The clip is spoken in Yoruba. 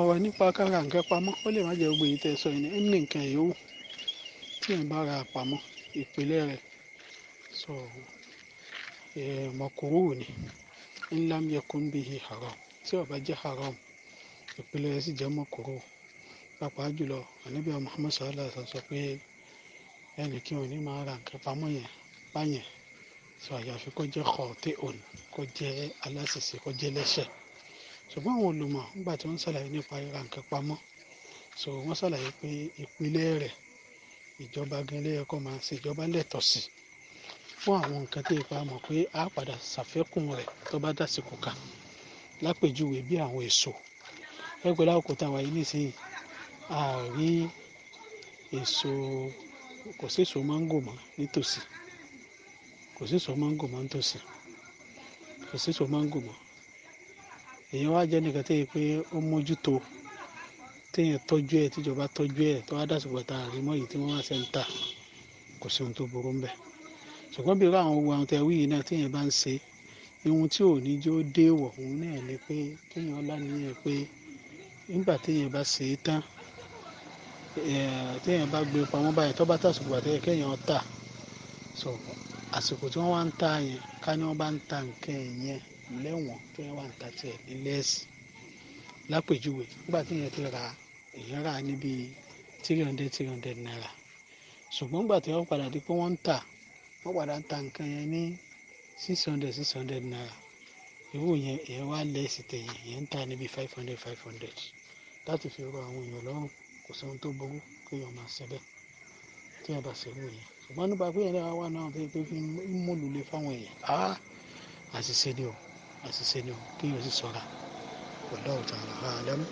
ọ̀rọ̀ nípa kára nǹkan pamọ́ ó lè má jẹ́ gbogbo èyí tẹ́ sọ yìí ní ní nǹkan yòówù tí ẹ̀ ń bá ra pamọ́ ìpìlẹ̀ rẹ̀ sọ mọ̀kúrú ni ńlá mi yẹ kó ń bí haram tí ó jẹ́ haram ìpìlẹ̀ rẹ̀ sì jẹ́ mọ̀kúrú pàápàá jùlọ ànábì Muhammad sallallahu alaihi wasallam sọ pé ẹnì kí òun ní máa ra nǹkan pamọ́ yẹn báyẹn sọ àyàfi kó jẹ́ kọ̀ọ̀tẹ́ òun kó jẹ́ aláṣẹṣe kó jẹ́ lẹ́ṣẹ̀ẹ́ ṣùgbọ́n àwọn olùmọ̀ nígbà tí wọ́n ṣàlàyé nípa ríra nǹkan pamọ́ so wọ́n ṣàlàyé pé ìpìlẹ̀ rẹ̀ ìjọba gan ló yẹ kó máa ṣe ìjọba lẹ́tọ̀ọ́ sí fún àwọn nǹkan tí ipa mọ̀ pé a padà ṣàfẹ́kùn rẹ̀ tó bá dásìkò ká lápèjúwe bí àwọn èso ẹgbẹ́ láwùkọ́ táwa yìí nísìnyí a rí èso kò sí èso máńgò mọ́ nítòsí kò sí èso mango mọ́ nítòsí kò sí èso máńgò mọ́ èèyàn wá jẹ́ nìkan tẹ́yẹ pé ó mójútó téèyàn tọ́jú ẹ̀ tíjọba tọ́jú ẹ̀ tó wá dàsùgbà tá a rí mọ́ yìí tí wọ́n wá ṣe ń tà kò sí ohun tó burú ń bẹ̀. ṣùgbọ́n bí irú àwọn ohun àwọn tẹ wí yìí náà téèyàn bá ń ṣe ohun tí ò ní jó déèwọ̀ òun náà ni pé kéèyàn láníyàn pé nígbà téèyàn bá ṣe é tán téèyàn bá gbé pamọ́ báyìí tó bá tàsùgbà àsìkò tí wọ́n wá ń ta yẹn ká ní wọ́n bá ń ta nǹkan yẹn lẹ́wọ̀n tí wọ́n wá ń ta tiẹ̀ ní lẹ́ẹ̀sì lápèjúwe nígbà tí èèyàn ti ra èèyàn rà níbi three hundred three hundred naira ṣùgbọ́n nígbà tí wọ́n padà di pé wọ́n ń tà wọ́n padà ń ta nǹkan yẹn ní six hundred six hundred naira irú yẹn èèyàn wá lẹ́ẹ̀sì tẹ̀yìn èèyàn ń tà níbi five hundred five hundred láti fi rọ àwọn èèyàn lọ́rùn kò sóhun tó burú kéèyàn máa ṣe bẹ́ẹ̀ tí yẹn bá ṣerú yẹn ṣùgbọ́n nípa pé yẹn wà náà tó yẹ pé fi mú lulẹ̀ fáwọn èèyàn á àṣìṣe ni o àṣìṣe ni o kí yóò sì ṣọ́ra wọlé ọjà àlàáhà lẹ́nu.